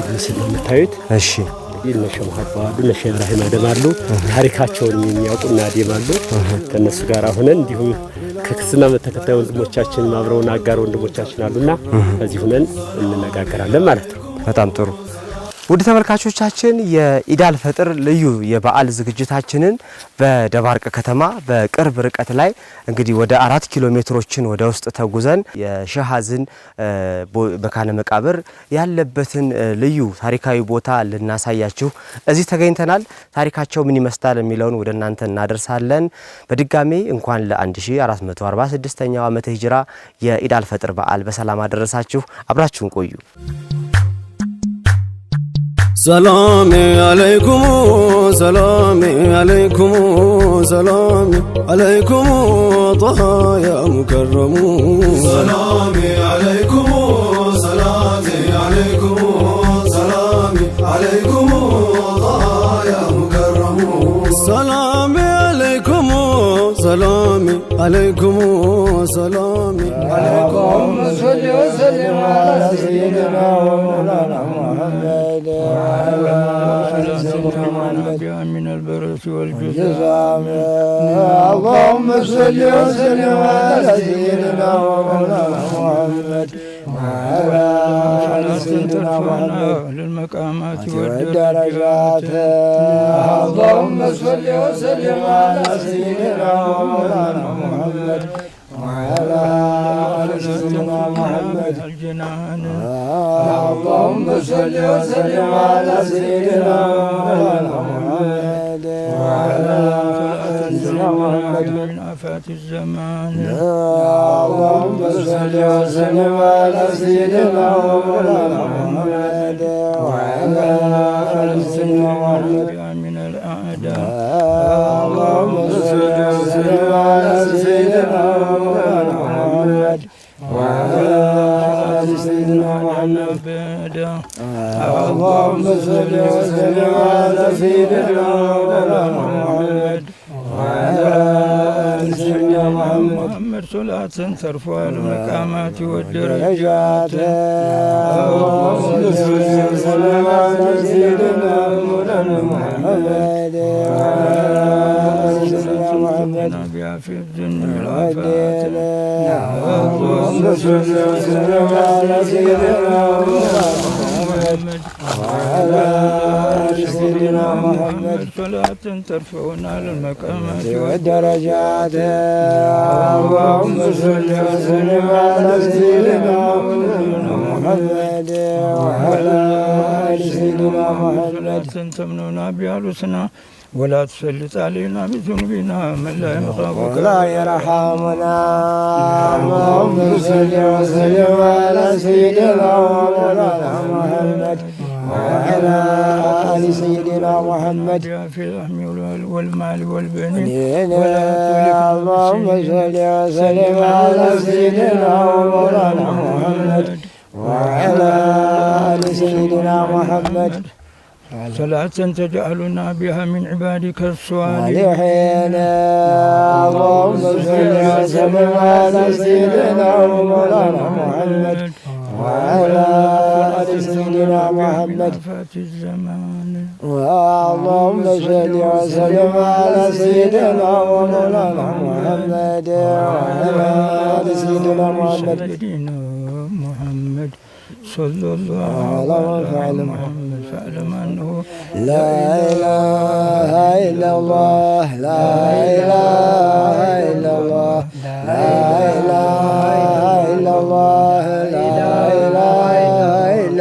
እዚህ ምስል የምታዩት እሺ ነሸ መሀባ አሉ ነሸ ኢብራሂም አደም አሉ ታሪካቸውን የሚያውቁና አደም አሉ ከእነሱ ጋር ሁነን እንዲሁም ከክርስትና እምነት ተከታይ ወንድሞቻችን አብረውን አጋር ወንድሞቻችን አሉና እዚህ ሁነን እንነጋገራለን ማለት ነው። በጣም ጥሩ ውድ ተመልካቾቻችን የኢዳል ፈጥር ልዩ የበዓል ዝግጅታችንን በደባርቅ ከተማ በቅርብ ርቀት ላይ እንግዲህ ወደ አራት ኪሎ ሜትሮችን ወደ ውስጥ ተጉዘን የሸሃዝን መካነ መቃብር ያለበትን ልዩ ታሪካዊ ቦታ ልናሳያችሁ እዚህ ተገኝተናል። ታሪካቸው ምን ይመስላል የሚለውን ወደ እናንተ እናደርሳለን። በድጋሜ እንኳን ለ1446ኛው ዓመተ ሂጅራ የኢዳል ፈጥር በዓል በሰላም አደረሳችሁ። አብራችሁን ቆዩ። سلامي عليكم سلامي عليكم سلامي عليكم طه يا مكرمون سلامي عليكم سلامي عليكم سلامي عليكم طه يا مكرمون سلامي عليكم سلامي عليكم سلامي عليكم صل وسلم على سيدنا اللهم صل وسلم على سيدنا محمد وعلى سيدنا محمد للمقامات والدرجات اللهم صل وسلم على سيدنا محمد وعلى آل سيدنا محمد اللهم صل وسلم على سيدنا محمد وعلى آل سيدنا محمد آفات الزمان اللهم صل وسلم على سيدنا محمد وعلى آل سيدنا محمد من الأعداء صل وسلم على سيدنا محمد وعلى سيدنا محمد صلاة ترفع المقامات والدرجات اللهم صل وسلم على سيدنا محمد وعلى آل سيدنا محمد في الدنيا والآخرة اللهم صل وسلم على سيدنا محمد سيدنا محمد صلاة ترفعنا للمقامات والدرجات اللهم صل وسلم على سيدنا محمد وعلى آل سيدنا محمد فلا تمنونا بألوسنا ولا تسلط علينا بذنوبنا من لا يخافك ولا يرحمنا اللهم صل وسلم على سيدنا محمد وعلى آل سيدنا محمد في اللحم والمال والبنين اللهم صل وسلم على سيدنا ومولانا محمد وعلى آل سيدنا محمد صلاة تجعلنا بها من عبادك الصالحين اللهم صل وسلم على سيدنا ومولانا محمد وعلى آل سيدنا محمد اللهم صل وسلم على سيدنا ومولانا محمد وعلى آل سيدنا محمد صلى الله على محمد فاعلم انه لا اله الا الله لا اله الا الله لا اله الا الله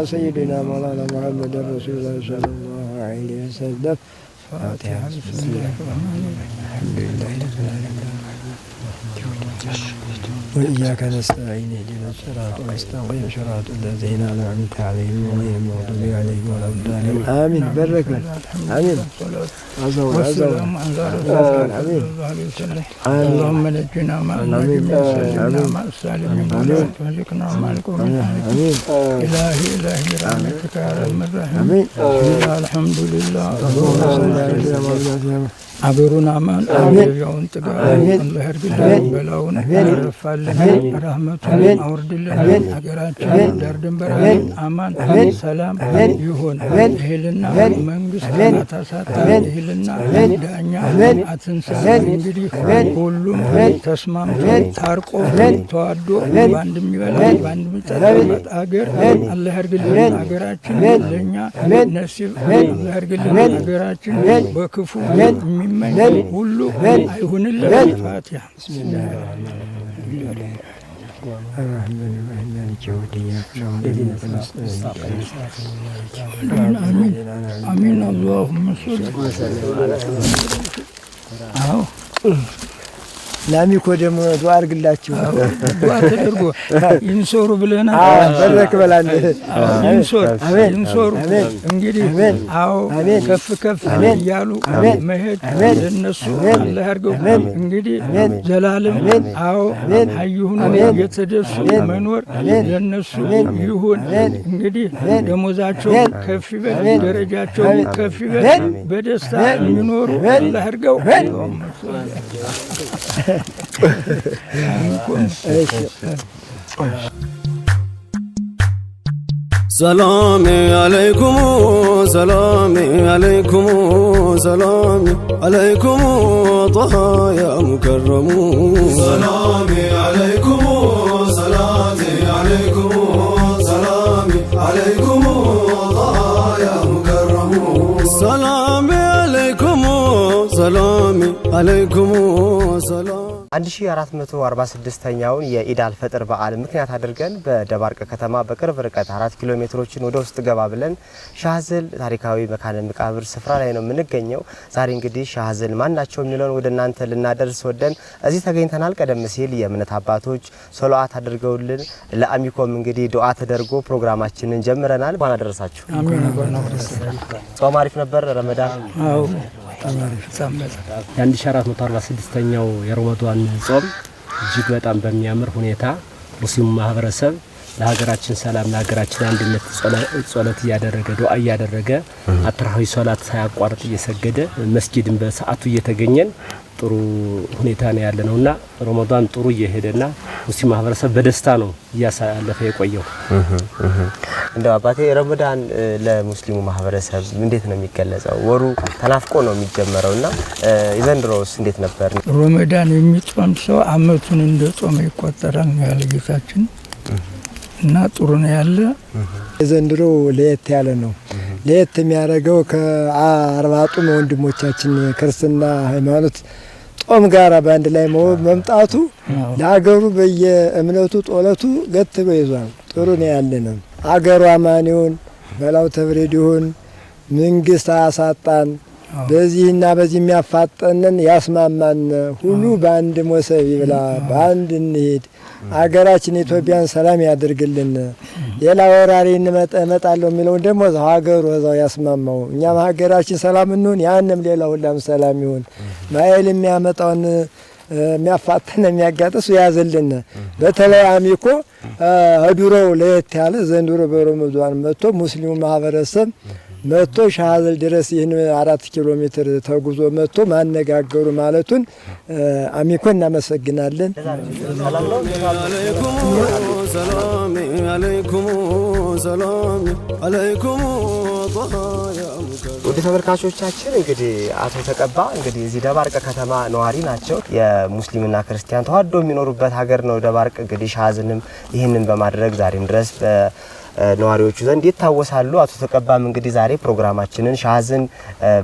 على سيدنا مولانا محمد رسول الله صلى الله عليه وسلم فاتحة بسم الله الرحمن الرحيم الحمد لله رب العالمين وإياك نستعين اهدنا الصراط المستقيم صراط الذين أنعمت عليهم غير المغضوب عليهم ولا الضالين آمين بارك آمين عزا والعزا آمين اللهم نجنا مع النجم وسلمنا مع السالمين ولا تهلكنا مع القوم الحاكمين إلهي إلهي برحمتك يا أرحم الراحمين الحمد لله رب العالمين አገሩን አማን አገዣውን ጥጋ አላህ በላውን አረፋልን ረህመቱን አውርድልን ሀገራችንን ዳር ድንበራችን አማን ሰላም ይሁን። እህልና መንግስት አታሳጣ እህልና ዳኛ አትንሳ። እንግዲህ ሁሉም ተስማምቶ ታርቆ ተዋዶ በአንድ የሚበላ በአንድ የሚጠጣበት አገር አላህ እርግልን ሀገራችን ለእኛ ነሲብ አላህ እርግልን ሀገራችን በክፉ የማይሆን ሁሉ አይሁንለት። ፋቲሃ አሚን አሚን። ላሚኮ ደግሞ ዱዓ አድርግላችሁ ተደርጎ ይንሶሩ ብለና በረክ በላል ይንሶር ይንሶሩ እንግዲህ አዎ ከፍ ከፍ እያሉ መሄድ ለነሱ አላህ ያድርገው። እንግዲህ ዘላለም አዎ አዩሁን የተደሱ መኖር ለነሱ ይሁን። እንግዲህ ደሞዛቸው ከፍ ይበል፣ ደረጃቸው ከፍ ይበል። በደስታ የሚኖሩ አላህ ያድርገው። سلامي عليكم سلامي عليكم سلامي عليكم طه يا مكرم سلامي عليكم سلامي عليكم سلامي عليكم طه يا مكرم سلامي عليكم سلامي አለይኩም ሰላም 1446ኛውን የኢዳል ፈጥር በዓል ምክንያት አድርገን በደባርቅ ከተማ በቅርብ ርቀት አራት ኪሎ ሜትሮችን ወደ ውስጥ ገባ ብለን ሻህዝል ታሪካዊ መካነ መቃብር ስፍራ ላይ ነው የምንገኘው። ዛሬ እንግዲህ ሻህዝል ማን ናቸው የሚለውን ወደ እናንተ ልናደርስ ወደን እዚህ ተገኝተናል። ቀደም ሲል የእምነት አባቶች ሶሎአት አድርገውልን ለአሚኮም እንግዲህ ዱዓ ተደርጎ ፕሮግራማችንን ጀምረናል። ባና ደረሳችሁ። ጾም አሪፍ ነበር ረመዳን የ1446ኛው የረመዷን ጾም እጅግ በጣም በሚያምር ሁኔታ ሙስሊሙ ማህበረሰብ ለሀገራችን ሰላም ለሀገራችን አንድነት ጸሎት እያደረገ ዱዓ እያደረገ አትራዊ ሶላት ሳያቋርጥ እየሰገደ መስጊድን በሰዓቱ እየተገኘን ጥሩ ሁኔታ ነው ያለ ነውና ረመዷን ጥሩ እየሄደና ሙስሊም ማህበረሰብ በደስታ ነው እያሳለፈ የቆየው። እንደው አባቴ ረመዳን ለሙስሊሙ ማህበረሰብ እንዴት ነው የሚገለጸው? ወሩ ተናፍቆ ነው የሚጀመረው እና የዘንድሮስ እንዴት ነበር? ረመዳን የሚጾም ሰው አመቱን እንደ ጾመ ይቆጠራል ነው ያለ ጌታችን እና ጥሩ ነው ያለ። የዘንድሮ ለየት ያለ ነው። ለየት የሚያደርገው ከአርባጡም ወንድሞቻችን ክርስትና ሃይማኖት ከጾም ጋር በአንድ ላይ መምጣቱ ለሀገሩ በየእምነቱ ጦለቱ ገትሎ ይዟል። ጥሩ ነው ያለ ነው። አገሩ አማን ይሁን፣ በላው ተብሬድ ይሁን፣ መንግስት አያሳጣን። በዚህና በዚህ የሚያፋጠንን ያስማማን። ሁሉ በአንድ ሞሰብ ይብላ፣ በአንድ እንሄድ አገራችን ኢትዮጵያን ሰላም ያድርግልን። ሌላ ወራሪ እመጣለሁ የሚለውን ደግሞ እዛው ሀገሩ እዛው ያስማማው፣ እኛም ሀገራችን ሰላም እንሁን፣ ያንም ሌላ ሁላም ሰላም ይሁን። ማይል የሚያመጣውን የሚያፋጠን የሚያጋጥስ ያዝልን። በተለይ አሚኮ ዱሮው ለየት ያለ ዘንድሮ በሮምዷን መጥቶ ሙስሊሙ ማህበረሰብ መቶ ሻሀዘል ድረስ ይህን አራት ኪሎ ሜትር ተጉዞ መጥቶ ማነጋገሩ ማለቱን አሚኮ እናመሰግናለን። ወደ ተመልካቾቻችን እንግዲህ አቶ ተቀባ እንግዲህ እዚህ ደባርቅ ከተማ ነዋሪ ናቸው። የሙስሊምና ክርስቲያን ተዋዶ የሚኖሩበት ሀገር ነው ደባርቅ። እንግዲህ ሻዝንም ይህንን በማድረግ ዛሬም ድረስ ነዋሪዎቹ ዘንድ ይታወሳሉ። አቶ ተቀባም እንግዲህ ዛሬ ፕሮግራማችንን ሻዝን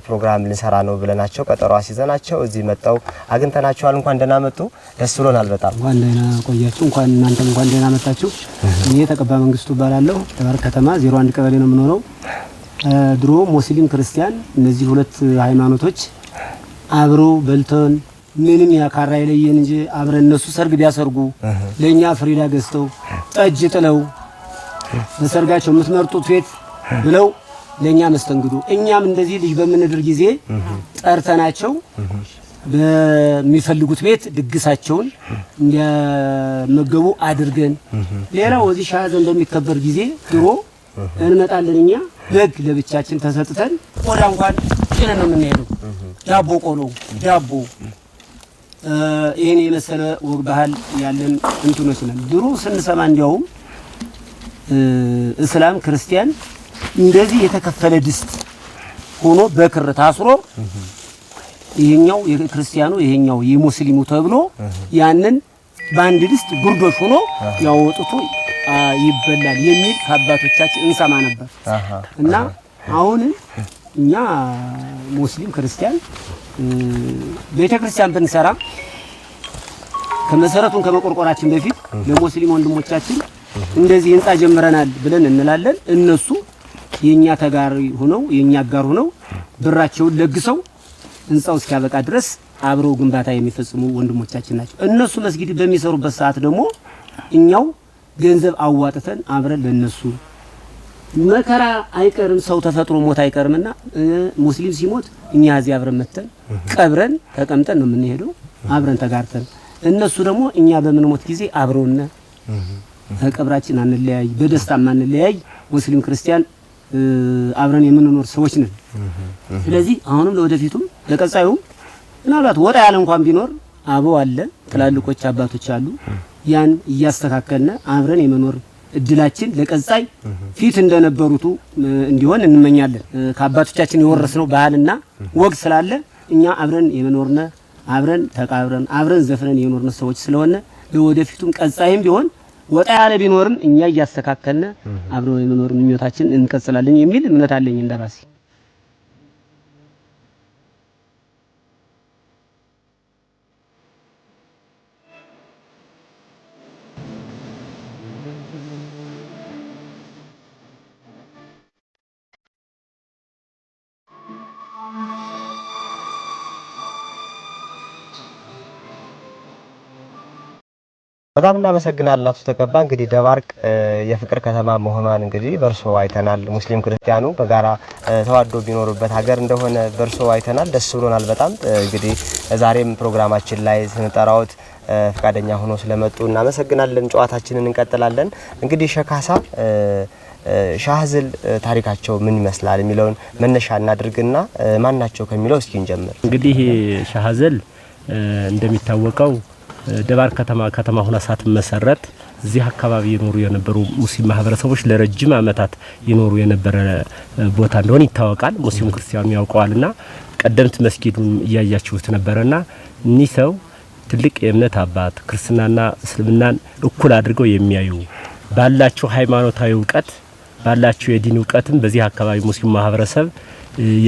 ፕሮግራም ልንሰራ ነው ብለናቸው ቀጠሮ አስይዘናቸው እዚህ መጣው አግኝተናቸዋል። እንኳን ደህና መጡ፣ ደስ ብሎናል በጣም። እንኳን ደህና ቆያችሁ፣ እንኳን እናንተም እንኳን ደህና መጣችሁ። እኔ ተቀባ መንግስቱ እባላለሁ። ተባረክ ከተማ 01 ቀበሌ ነው የምኖረው። ድሮ ሙስሊም ክርስቲያን፣ እነዚህ ሁለት ሃይማኖቶች አብሮ በልተን ምንም ያካራ የለየን እንጂ አብረን እነሱ ሰርግ ቢያሰርጉ ለእኛ ፍሪዳ ገዝተው ጠጅ ጥለው በሰርጋቸው የምትመርጡት ቤት ብለው ለእኛ መስተንግዶ እኛም እንደዚህ ልጅ በምንድር ጊዜ ጠርተናቸው በሚፈልጉት ቤት ድግሳቸውን እንዲያመገቡ አድርገን፣ ሌላው እዚህ ሻዘን በሚከበር ጊዜ ድሮ እንመጣለን እኛ በግ ለብቻችን ተሰጥተን ቆዳ እንኳን ጭነን ነው የምንሄደው። ዳቦ ቆሎ፣ ዳቦ ይህን የመሰለ ወግ ባህል ያለን እንትኖች ነን። ድሮ ስንሰማ እንዲያውም እስላም ክርስቲያን እንደዚህ የተከፈለ ድስት ሆኖ በክር ታስሮ ይሄኛው የክርስቲያኑ ይሄኛው የሙስሊሙ ተብሎ ያንን በአንድ ድስት ጉርዶች ሆኖ ያወጡቱ ይበላል የሚል ከአባቶቻችን እንሰማ ነበር እና አሁን እኛ ሙስሊም ክርስቲያን ቤተ ክርስቲያን ብንሰራ ከመሰረቱን ከመቆርቆራችን በፊት ለሙስሊም ወንድሞቻችን እንደዚህ ህንፃ ጀምረናል ብለን እንላለን። እነሱ የኛ ተጋሪ ሆነው የኛ አጋር ሆነው ብራቸውን ለግሰው ህንፃው እስኪያበቃ ድረስ አብረው ግንባታ የሚፈጽሙ ወንድሞቻችን ናቸው። እነሱ መስጊድ በሚሰሩበት ሰዓት ደግሞ እኛው ገንዘብ አዋጥተን አብረን ለነሱ መከራ አይቀርም፣ ሰው ተፈጥሮ ሞት አይቀርምና ሙስሊም ሲሞት እኛ እዚህ አብረን መተን ቀብረን ተቀምጠን ነው የምንሄደው አብረን ተጋርተን። እነሱ ደግሞ እኛ በምንሞት ጊዜ አብረውነ ከቀብራችን አንለያይ፣ በደስታም አንለያይ፣ ሙስሊም ክርስቲያን አብረን የምንኖር ሰዎች ነን። ስለዚህ አሁንም ለወደፊቱም ለቀጣዩም ምናልባት ወጣ ያለ እንኳን ቢኖር አበው አለ፣ ትላልቆች አባቶች አሉ። ያን እያስተካከልን አብረን የመኖር እድላችን ለቀጻይ ፊት እንደነበሩቱ እንዲሆን እንመኛለን። ከአባቶቻችን የወረስነው ባህልና ወግ ስላለ እኛ አብረን የመኖርነ አብረን ተቃብረን አብረን ዘፍነን የኖርነ ሰዎች ስለሆነ ለወደፊቱም ቀጻይም ቢሆን ወጣ ያለ ቢኖርም እኛ እያስተካከልን አብሮ የመኖር ምኞታችን እንቀጽላለን የሚል እምነት አለኝ እንደራሴ። በጣም እናመሰግናለን አቶ ተቀባ። እንግዲህ ደባርቅ የፍቅር ከተማ መሆኗን እንግዲህ በእርሶ አይተናል። ሙስሊም ክርስቲያኑ በጋራ ተዋዶ ቢኖሩበት ሀገር እንደሆነ በእርሶ አይተናል። ደስ ብሎናል በጣም እንግዲህ ዛሬም ፕሮግራማችን ላይ ስንጠራዎት ፈቃደኛ ሆኖ ስለመጡ እናመሰግናለን። ጨዋታችንን እንቀጥላለን። እንግዲህ ሸካሳ ሻህዝል ታሪካቸው ምን ይመስላል የሚለውን መነሻ እናድርግና ማን ናቸው ከሚለው እስኪ እንጀምር። እንግዲህ ሻህዝል እንደሚታወቀው ደባር ከተማ ከተማ ሆና ሳትመሰረት እዚህ አካባቢ የኖሩ የነበሩ ሙስሊም ማህበረሰቦች ለረጅም ዓመታት ይኖሩ የነበረ ቦታ እንደሆነ ይታወቃል። ሙስሊም ክርስቲያኑ ያውቀዋልና ቀደምት መስጊዱን እያያችሁት ነበረና እኒህ ሰው ትልቅ የእምነት አባት ክርስትናና እስልምናን እኩል አድርገው የሚያዩ ባላቸው ሃይማኖታዊ እውቀት ባላቸው የዲን እውቀትም በዚህ አካባቢ ሙስሊም ማህበረሰብ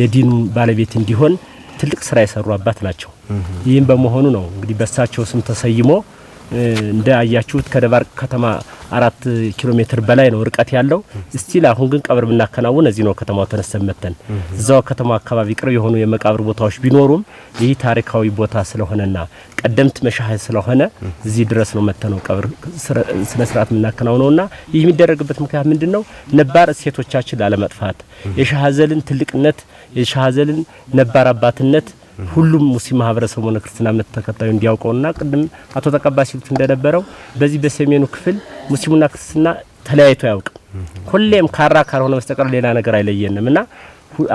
የዲኑ ባለቤት እንዲሆን ትልቅ ስራ የሰሩ አባት ናቸው። ይህም በመሆኑ ነው እንግዲህ በሳቸው ስም ተሰይሞ አያችሁት ከደባርቅ ከተማ አራት ኪሎ ሜትር በላይ ነው ርቀት ያለው። እስቲል አሁን ግን ቀብር ብናከናውን እዚህ ነው ከተማው ተነስተን መተን እዛው ከተማ አካባቢ ቅርብ የሆኑ የመቃብር ቦታዎች ቢኖሩም ይህ ታሪካዊ ቦታ ስለሆነና ቀደምት መሻህ ስለሆነ እዚህ ድረስ ነው መተን ነው ቀብር ስነ ስርዓት የምናከናውነውና ይህ የሚደረግበት ምክንያት ምንድን ነው? ነባር እሴቶቻችን ላለመጥፋት የሻህ ዘልን ትልቅነት የሻህ ዘልን ነባር አባትነት ሁሉም ሙስሊም ማህበረሰብ ሆነ ክርስትና እምነት ተከታዩ እንዲያውቀውና ቅድም አቶ ተቀባ ሲሉት እንደነበረው በዚህ በሰሜኑ ክፍል ሙስሊሙና ክርስትና ተለያይቶ አያውቅም። ሁሌም ካራ ካልሆነ በስተቀር ሌላ ነገር አይለየንም እና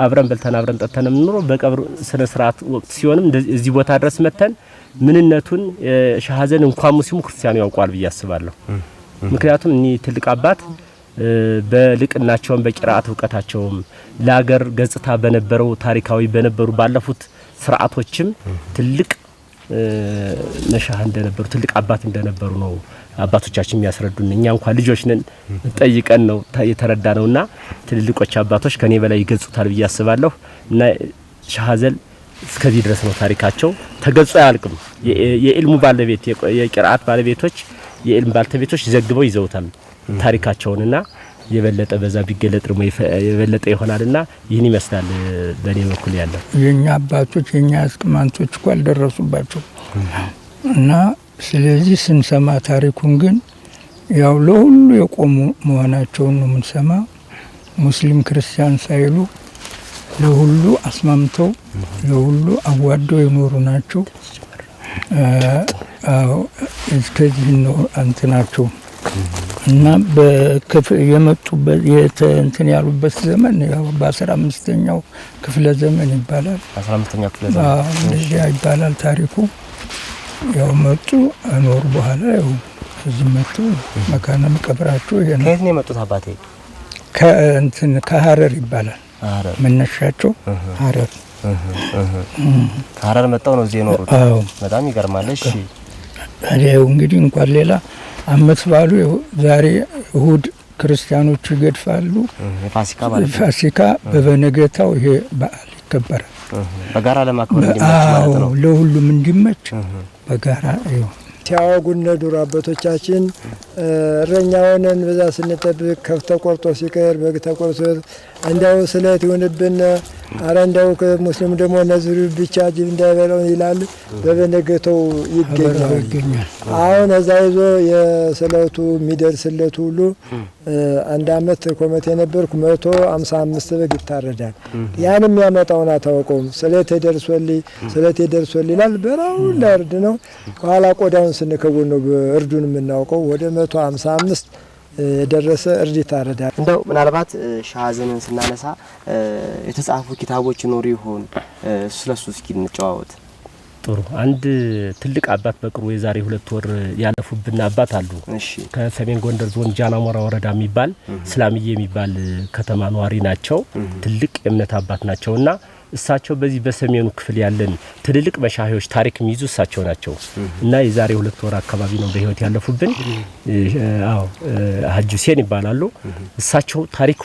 አብረን በልተን አብረን ጠጥተን የምንኖረው በቀብር ስነ ስርዓት ወቅት ሲሆንም እዚህ ቦታ ድረስ መተን ምንነቱን ሻሀዘን እንኳን ሙስሊሙ ክርስቲያኑ ያውቋል ብዬ አስባለሁ። ምክንያቱም እኒህ ትልቅ አባት በልቅናቸውም በቂራአት እውቀታቸውም ለሀገር ገጽታ በነበረው ታሪካዊ በነበሩ ባለፉት ስርዓቶችም ትልቅ መሻህ እንደነበሩ ትልቅ አባት እንደነበሩ ነው አባቶቻችን የሚያስረዱን። እኛ እንኳን ልጆች ነን ጠይቀን ነው የተረዳ ነውና ትልልቆች አባቶች ከኔ በላይ ይገልጹታል ብዬ አስባለሁ። እና ሻሀዘል እስከዚህ ድረስ ነው ታሪካቸው ተገልጾ አያልቅም። የኢልሙ ባለቤት የቅርአት ባለቤቶች የኢልም ባለቤቶች ዘግበው ይዘውታል ታሪካቸውንና የበለጠ በዛ ቢገለጥ ደግሞ የበለጠ ይሆናል እና ይህን ይመስላል። በእኔ በኩል ያለው የእኛ አባቶች የእኛ ቅማንቶች እኮ አልደረሱባቸው እና ስለዚህ ስንሰማ ታሪኩን ግን ያው ለሁሉ የቆሙ መሆናቸውን ነው የምንሰማ። ሙስሊም ክርስቲያን ሳይሉ ለሁሉ አስማምተው ለሁሉ አዋደው የኖሩ ናቸው። እስከዚህ ነው አንትናቸው እና በክፍ የመጡበት የእንትን ያሉበት ዘመን ያው በአስራ አምስተኛው ክፍለ ዘመን ይባላል። አስራ አምስተኛው ክፍለ ዘመን እንደዚያ ይባላል ታሪኩ። ያው መጡ አኖሩ። በኋላ ያው እዚህ መጡ። መካነ መቃብራቸው ይሄ ነው። ከየት ነው የመጡት አባቴ? ከእንትን ከሀረር ይባላል። መነሻቸው ሀረር ከሀረር መጣው ነው እዚህ የኖሩት። በጣም ይገርማል። እሺ እንግዲህ እንኳን ሌላ አመት ባሉ ዛሬ እሁድ ክርስቲያኖቹ ይገድፋሉ። ፋሲካ በበነገታው ይሄ በዓል ይከበራል። በጋራ ለማክበር ለሁሉም እንዲመች በጋራ ይሆን ሲያወጉነ ዱሮ አባቶቻችን ሆነን በዛ ስንጠብቅ ከብት ተቆርጦ ሲቀር በግ ተቆርጦ እንዳው ስለት ይሆንብን፣ አረ እንዳው ከሙስሊም ደግሞ ነዝሩ ብቻ ጅብ እንዳይበላው ይላል። በበነገተው ይገኛል። አሁን እዛ ይዞ የስለቱ የሚደርስለት ሁሉ አንድ አመት ኮሚቴ ነበርኩ። መቶ አምሳ አምስት በግ ይታረዳል። ያን የሚያመጣውን አታውቀውም። ስለት የደርሶልኝ ስለት የደርሶልኝ ይላል። በራው ለእርድ ነው። ከኋላ ቆዳውን ስንከውን ነው እርዱን የምናውቀው። ወደ መቶ አምሳ አምስት የደረሰ እርዴታ ረዳ እንደው ምናልባት ሻዘንን ሀዘንን ስናነሳ የተጻፉ ኪታቦች ኖሩ ይሆን? ስለሱ እስኪ እንጨዋወት። ጥሩ። አንድ ትልቅ አባት በቅርቡ የዛሬ ሁለት ወር ያለፉብን አባት አሉ። ከሰሜን ጎንደር ዞን ጃናሞራ ወረዳ የሚባል ስላምዬ የሚባል ከተማ ነዋሪ ናቸው። ትልቅ የእምነት አባት ናቸውና እሳቸው በዚህ በሰሜኑ ክፍል ያለን ትልልቅ መሻሂዎች ታሪክ የሚይዙ እሳቸው ናቸው እና የዛሬ ሁለት ወር አካባቢ ነው በህይወት ያለፉብን። አዎ ሀጅ ሁሴን ይባላሉ። እሳቸው ታሪኩ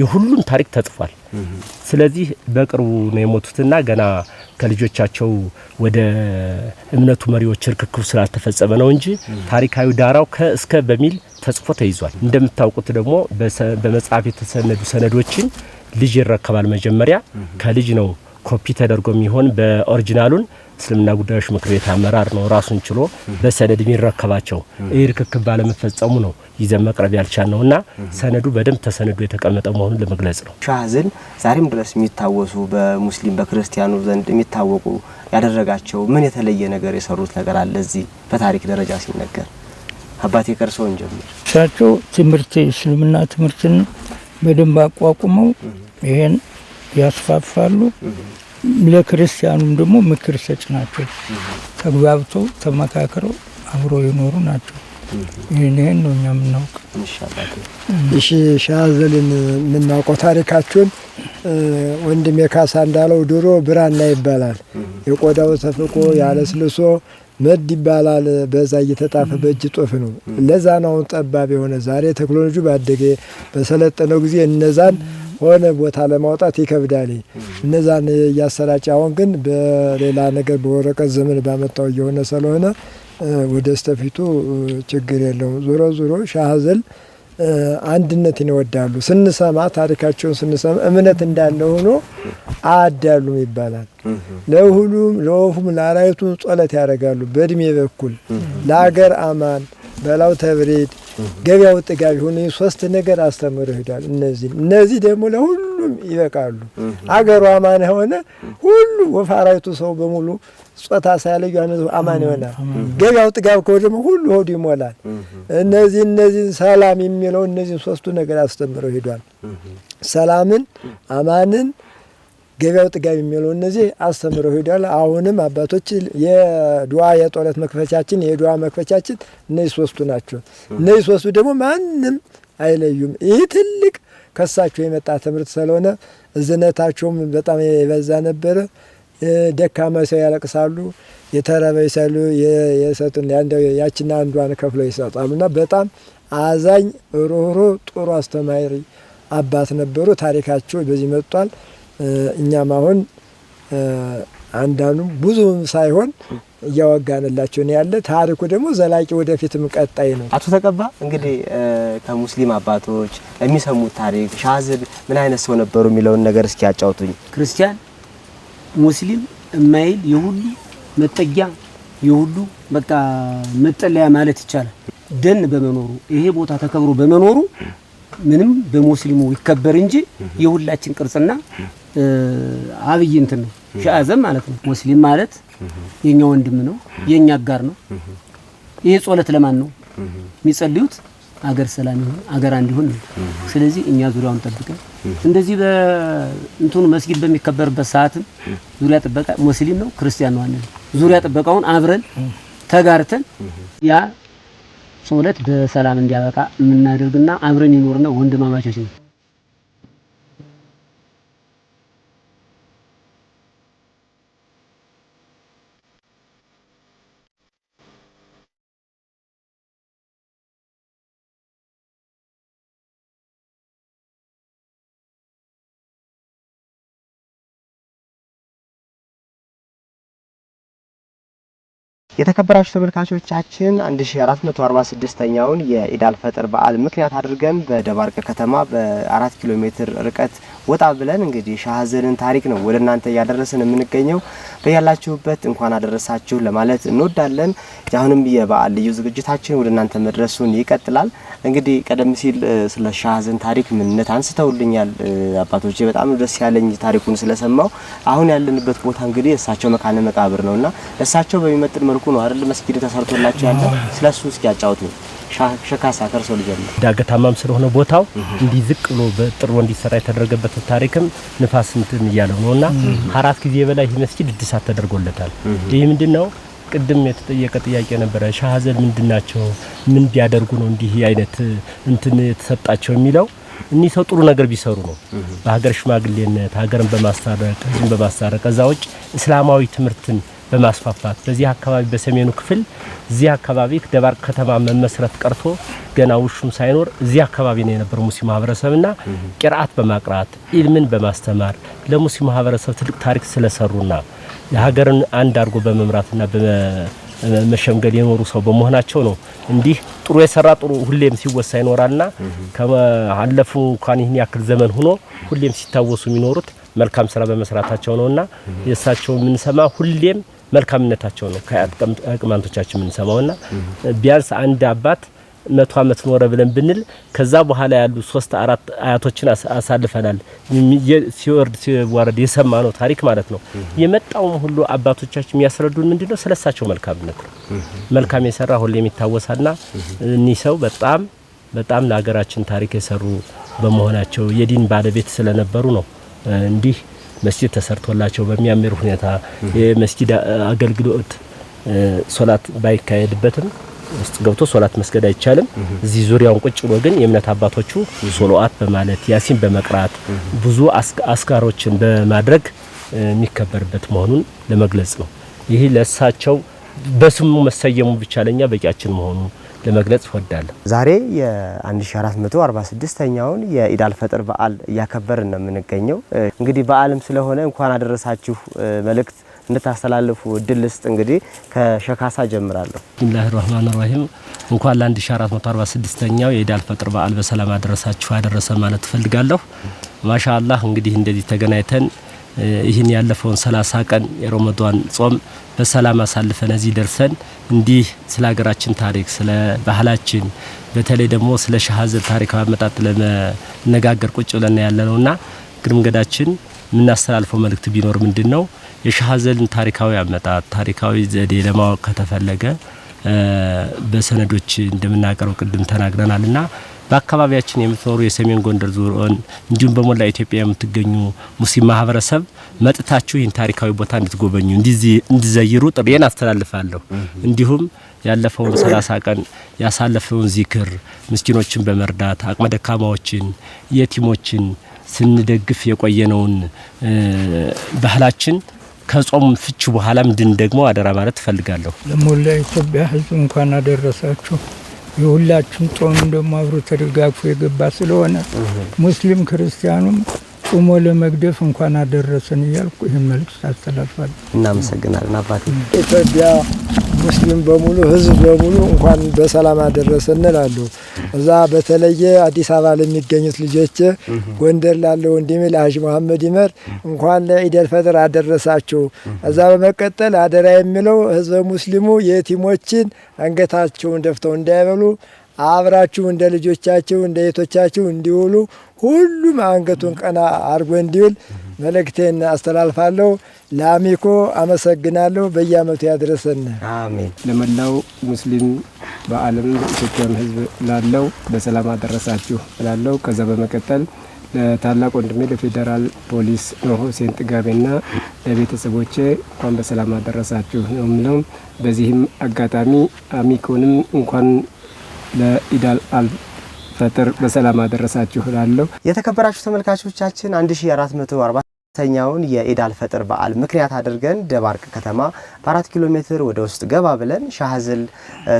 የሁሉም ታሪክ ተጽፏል። ስለዚህ በቅርቡ ነው የሞቱትና ገና ከልጆቻቸው ወደ እምነቱ መሪዎች ርክክብ ስላልተፈጸመ ነው እንጂ ታሪካዊ ዳራው ከእስከ በሚል ተጽፎ ተይዟል። እንደምታውቁት ደግሞ በመጽሐፍ የተሰነዱ ሰነዶችን ልጅ ይረከባል። መጀመሪያ ከልጅ ነው ኮፒ ተደርጎ የሚሆን በኦሪጂናሉን እስልምና ጉዳዮች ምክር ቤት አመራር ነው ራሱን ችሎ በሰነድ የሚረከባቸው። ይህ ርክክብ ባለመፈጸሙ ነው ይዘን መቅረብ ያልቻል እና ሰነዱ በደንብ ተሰነዱ የተቀመጠ መሆኑን ለመግለጽ ነው። ሻዝን ዛሬም ድረስ የሚታወሱ በሙስሊም በክርስቲያኑ ዘንድ የሚታወቁ ያደረጋቸው ምን የተለየ ነገር የሰሩት ነገር አለ እዚህ በታሪክ ደረጃ ሲነገር? አባቴ ከርሰውን እንጀምር። እሳቸው ትምህርት እስልምና ትምህርትን በደንብ አቋቁመው ይሄን ያስፋፋሉ። ለክርስቲያኑም ደግሞ ምክር ሰጭ ናቸው። ተግባብተው ተመካክረው አብሮ የኖሩ ናቸው። ይህን ነው እኛ የምናውቅ። እሺ ሻዘልን የምናውቀው ታሪካችሁን ወንድሜ ካሳ እንዳለው ድሮ ብራና ይባላል የቆዳው ተፍቆ ያለስልሶ መድ ይባላል። በዛ እየተጣፈ በእጅ ጦፍ ነው። ለዛ ነው አሁን ጠባብ የሆነ ዛሬ ቴክኖሎጂ ባደገ በሰለጠነው ጊዜ እነዛን ሆነ ቦታ ለማውጣት ይከብዳል። እነዛን እያሰራጭ አሁን ግን በሌላ ነገር በወረቀት ዘመን ባመጣው እየሆነ ስለሆነ ወደ ስተፊቱ ችግር የለውም። ዞሮ ዞሮ ሻህዘል አንድነትን ይወዳሉ። ስንሰማ ታሪካቸውን ስንሰማ እምነት እንዳለ ሆኖ አያዳሉም ይባላል። ለሁሉም ለወፉም ለአራዊቱም ጸሎት ያደርጋሉ። በእድሜ በኩል ለአገር አማን በላው ተብሬድ ገበያው ጥጋቢ ሆነ። ሶስት ነገር አስተምሮ ይሄዳል። እነዚህ እነዚህ ደግሞ ለሁሉም ይበቃሉ። አገሩ አማን የሆነ ሁሉ ወፋራይቱ ሰው በሙሉ ጾታ ሳያለዩ አማን ይሆናል። ገበያው ጥጋብ ከሆነ ደግሞ ሁሉ ሆዱ ይሞላል። እነዚህ እነዚህ ሰላም የሚለው እነዚህ ሶስቱ ነገር አስተምሮ ይሄዳል። ሰላምን፣ አማንን ገቢያው ጥጋብ የሚለው እነዚህ አስተምረው ሄዷል። አሁንም አባቶች የድዋ የጦለት መክፈቻችን የድዋ መክፈቻችን እነዚህ ሶስቱ ናቸው። እነዚህ ሶስቱ ደግሞ ማንም አይለዩም። ይህ ትልቅ ከሳቸው የመጣ ትምህርት ስለሆነ እዝነታቸውም በጣም የበዛ ነበረ። ደካማ ሰው ያለቅሳሉ፣ የተረበ ይሰሉ የሰጡን ያችና አንዷን ከፍለው ይሰጣሉ። እና በጣም አዛኝ ሮሮ ጥሩ አስተማሪ አባት ነበሩ። ታሪካቸው በዚህ መጥቷል። እኛም አሁን አንዳንዱ ብዙም ሳይሆን እያወጋንላቸው ነው ያለ። ታሪኩ ደግሞ ዘላቂ ወደፊትም ቀጣይ ነው። አቶ ተቀባ እንግዲህ ከሙስሊም አባቶች የሚሰሙት ታሪክ ሻዝብ ምን አይነት ሰው ነበሩ የሚለውን ነገር እስኪ ያጫውቱኝ። ክርስቲያን ሙስሊም የማይል የሁሉ መጠጊያ የሁሉ በቃ መጠለያ ማለት ይቻላል። ደን በመኖሩ ይሄ ቦታ ተከብሮ በመኖሩ ምንም በሙስሊሙ ይከበር እንጂ የሁላችን ቅርጽና አብይ እንትን ነው ሻአዘም ማለት ነው። ሙስሊም ማለት የኛ ወንድም ነው፣ የኛ አጋር ነው። ይሄ ጾለት ለማን ነው የሚጸልዩት? አገር ሰላም ይሁን አገር አንድ ነው። ስለዚህ እኛ ዙሪያውን ጠብቀን እንደዚህ በእንትኑ መስጊድ በሚከበርበት ሰዓትም ዙሪያ ጥበቃ ሙስሊም ነው ክርስቲያን ነው አንል ዙሪያ ጥበቃውን አብረን ተጋርተን ያ ጾለት በሰላም እንዲያበቃ የምናደርግና አብረን ይኖርና ወንድማማቾች ነው። የተከበራችሁ ተመልካቾቻችን 1446ኛውን የኢዳል ፈጥር በዓል ምክንያት አድርገን በደባርቅ ከተማ በአራት ኪሎ ሜትር ርቀት ወጣ ብለን እንግዲህ ሻሀዘንን ታሪክ ነው ወደ እናንተ እያደረስን የምንገኘው። በያላችሁበት እንኳን አደረሳችሁ ለማለት እንወዳለን። አሁንም የበዓል ልዩ ዝግጅታችን ወደ እናንተ መድረሱን ይቀጥላል። እንግዲህ ቀደም ሲል ስለ ሻሀዘን ታሪክ ምንነት አንስተውልኛል አባቶቼ። በጣም ደስ ያለኝ ታሪኩን ስለሰማው። አሁን ያለንበት ቦታ እንግዲህ እሳቸው መካነ መቃብር ነውና እሳቸው በሚመጥን መልኩ ነው አይደል መስጊድ ተሰርቶላቸው ያለ። ስለሱ እስኪ ነው ሸካሳ ከርሶ ሊጀምር ዳገታማም ስለሆነ ቦታው እንዲህ ዝቅ ብሎ እንዲሰራ የተደረገበት ታሪክም ንፋስ እንትን እያለው ነውና አራት ጊዜ በላይ ይህ መስጊድ እድሳት ተደርጎለታል። ይህ ምንድነው? ቅድም የተጠየቀ ጥያቄ ነበረ። ሻህዘል ምንድናቸው? ምን ቢያደርጉ ነው እንዲህ አይነት እንትን የተሰጣቸው የሚለው እኒህ ሰው ጥሩ ነገር ቢሰሩ ነው። በሀገር ሽማግሌነት ሀገርን በማስታረቅ ህዝብን በማስታረቅ እዛ ውጭ እስላማዊ ትምህርትን በማስፋፋት በዚህ አካባቢ በሰሜኑ ክፍል እዚህ አካባቢ ደባርቅ ከተማ መመስረት ቀርቶ ገና ውሹም ሳይኖር እዚህ አካባቢ ነው የነበረው ሙስሊም ማህበረሰብና ቂርአት በማቅራት ኢልምን በማስተማር ለሙስሊም ማህበረሰብ ትልቅ ታሪክ ስለሰሩና የሀገርን አንድ አድርጎ በመምራትና በመሸምገል የኖሩ ሰው በመሆናቸው ነው። እንዲህ ጥሩ የሰራ ጥሩ ሁሌም ሲወሳ ይኖራልና ከአለፉ እንኳን ይህን ያክል ዘመን ሆኖ ሁሌም ሲታወሱ የሚኖሩት መልካም ስራ በመስራታቸው ነውና የእሳቸው የምንሰማ ሁሌም መልካምነታቸው ነው ከቅማንቶቻችን የምንሰማውና ቢያንስ አንድ አባት መቶ ዓመት ኖረ ብለን ብንል ከዛ በኋላ ያሉ ሶስት አራት አያቶችን አሳልፈናል። ሲወርድ ሲዋረድ የሰማ ነው ታሪክ ማለት ነው። የመጣውም ሁሉ አባቶቻችን የሚያስረዱን ምንድነው ስለሳቸው መልካምነት ነው። መልካም የሰራ ሁሌም ይታወሳልና እኒህ ሰው በጣም በጣም ለሀገራችን ታሪክ የሰሩ በመሆናቸው የዲን ባለቤት ስለነበሩ ነው እንዲህ መስጂድ ተሰርቶላቸው በሚያምር ሁኔታ የመስጂድ አገልግሎት ሶላት ባይካሄድበትም ውስጥ ገብቶ ሶላት መስገድ አይቻልም። እዚህ ዙሪያውን ቁጭ ብሎ ግን የእምነት አባቶቹ ሶሎአት በማለት ያሲን በመቅራት ብዙ አስካሮችን በማድረግ የሚከበርበት መሆኑን ለመግለጽ ነው። ይህ ለእሳቸው በስሙ መሰየሙ ብቻ ለኛ በቂያችን መሆኑ ለመግለጽ እወዳለሁ። ዛሬ የ1446ኛውን የኢዳል ፈጥር በዓል እያከበርን ነው የምንገኘው። እንግዲህ በዓልም ስለሆነ እንኳን አደረሳችሁ መልእክት እንድታስተላልፉ እድል ስጥ እንግዲህ ከሸካሳ ጀምራለሁ። ብስሚላህ ራህማን ራሂም እንኳን ለ1446ኛው የኢዳል ፈጥር በዓል በሰላም አደረሳችሁ አደረሰ ማለት እፈልጋለሁ። ማሻ አላህ እንግዲህ እንደዚህ ተገናኝተን ይህን ያለፈውን ሰላሳ ቀን የሮመዷን ጾም በሰላም አሳልፈን እዚህ ደርሰን እንዲህ ስለ ሀገራችን ታሪክ፣ ስለ ባህላችን በተለይ ደግሞ ስለ ሻሀዝር ታሪክ አመጣጥ ለመነጋገር ቁጭ ብለን ያለ እና ግድምገዳችን የምናስተላልፈው መልእክት ቢኖር ምንድን ነው? የሸሀዘልን ታሪካዊ አመጣጥ ታሪካዊ ዘዴ ለማወቅ ከተፈለገ በሰነዶች እንደምናቀረው ቅድም ተናግረናል እና በአካባቢያችን የምትኖሩ የሰሜን ጎንደር ዞን እንዲሁም በሞላ ኢትዮጵያ የምትገኙ ሙስሊም ማህበረሰብ መጥታችሁ ይህን ታሪካዊ ቦታ እንድትጎበኙ እንዲዘይሩ ጥሪዬን አስተላልፋለሁ። እንዲሁም ያለፈውን ሰላሳ ቀን ያሳለፈውን ዚክር ምስኪኖችን በመርዳት አቅመ ደካማዎችን፣ የቲሞችን ስንደግፍ የቆየነውን ባህላችን ከጾም ፍች በኋላ ምንድን ደግሞ አደራ ማለት ትፈልጋለሁ። ለሞላ ኢትዮጵያ ህዝብ እንኳን አደረሳችሁ። የሁላችን ጦም ደግሞ አብሮ ተደጋግፎ የገባ ስለሆነ ሙስሊም ክርስቲያኑም ቁሞ ለመግደፍ እንኳን አደረሰን እያልኩ ይህ መልዕክት ታስተላልፋል። እናመሰግናለን አባቴ። ኢትዮጵያ ሙስሊም በሙሉ ህዝብ በሙሉ እንኳን በሰላም አደረሰን እላለሁ። እዛ በተለየ አዲስ አበባ ለሚገኙት ልጆች፣ ጎንደር ላለ ወንድሜ ለሀጅ መሐመድ ይመር እንኳን ለኢደል ፈጥር አደረሳችሁ። እዛ በመቀጠል አደራ የሚለው ህዝበ ሙስሊሙ የቲሞችን አንገታቸውን ደፍተው እንዳይበሉ አብራችሁ እንደ ልጆቻችሁ እንደ ቤቶቻችሁ እንዲውሉ ሁሉም አንገቱን ቀና አድርጎ እንዲውል መልእክቴን አስተላልፋለሁ። ለአሚኮ አመሰግናለሁ። በየአመቱ ያድረሰን። አሜን። ለመላው ሙስሊም በዓለም ኢትዮጵያም ሕዝብ ላለው በሰላም አደረሳችሁ ላለው ከዛ በመቀጠል ለታላቅ ወንድሜ ለፌዴራል ፖሊስ ኖሆ ሴን ጥጋቤና ለቤተሰቦቼ እንኳን በሰላም አደረሳችሁ ነው የምለው። በዚህም አጋጣሚ አሚኮንም እንኳን ለኢዳል አል ፈጥር በሰላም አደረሳችሁ እላለሁ። የተከበራችሁ ተመልካቾቻችን 1440 ሶስተኛውን የኢዳል ፈጥር በዓል ምክንያት አድርገን ደባርቅ ከተማ በአራት ኪሎ ሜትር ወደ ውስጥ ገባ ብለን ሻህዝል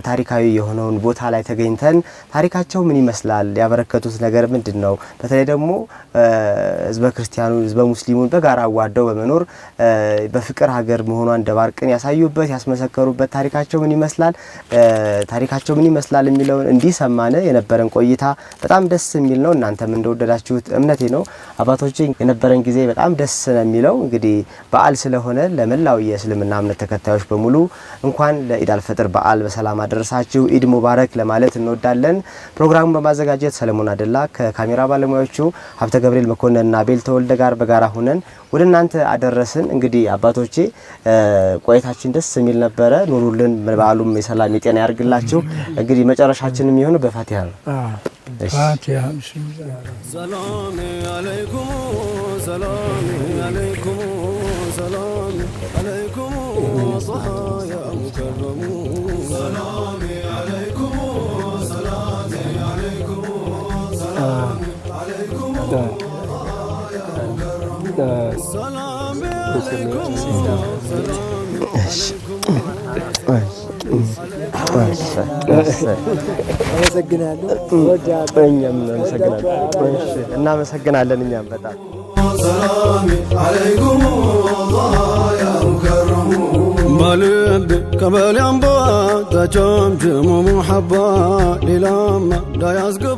ታሪካዊ የሆነውን ቦታ ላይ ተገኝተን ታሪካቸው ምን ይመስላል፣ ያበረከቱት ነገር ምንድን ነው፣ በተለይ ደግሞ ህዝበ ክርስቲያኑ ህዝበ ሙስሊሙን በጋራ አዋደው በመኖር በፍቅር ሀገር መሆኗን ደባርቅን ያሳዩበት ያስመሰከሩበት ታሪካቸው ምን ይመስላል ታሪካቸው ምን ይመስላል የሚለውን እንዲሰማነ የነበረን ቆይታ በጣም ደስ የሚል ነው። እናንተም እንደወደዳችሁት እምነቴ ነው። አባቶች የነበረን ጊዜ በጣም ደስ ደስ ስለሚለው እንግዲህ በዓል ስለሆነ ለመላው የእስልምና እምነት ተከታዮች በሙሉ እንኳን ለኢድ አልፈጥር በዓል በሰላም አደረሳችሁ ኢድ ሙባረክ ለማለት እንወዳለን። ፕሮግራሙን በማዘጋጀት ሰለሞን አደላ ከካሜራ ባለሙያዎቹ ሀብተ ገብርኤል መኮንንና ቤል ተወልደ ጋር በጋራ ሁነን ወደ እናንተ አደረስን። እንግዲህ አባቶቼ ቆይታችን ደስ የሚል ነበረ። ኑሩልን፣ በዓሉም የሰላም የጤና ያርግላችሁ። እንግዲህ መጨረሻችን የሚሆነው በፋቲሃ ነው። سلام عليكم سلام عليكم صحايا مكرمون سلام عليكم سلام عليكم سلام عليكم سلام عليكم እናመሰግናለን። እኛም በጣም ሰላሚ አለይኩም ያ ሙከረሙ በልብ ቀበሌ አንቧ ተጨምጭሙ ሙሐባ ሌላማ እንዳያስገባ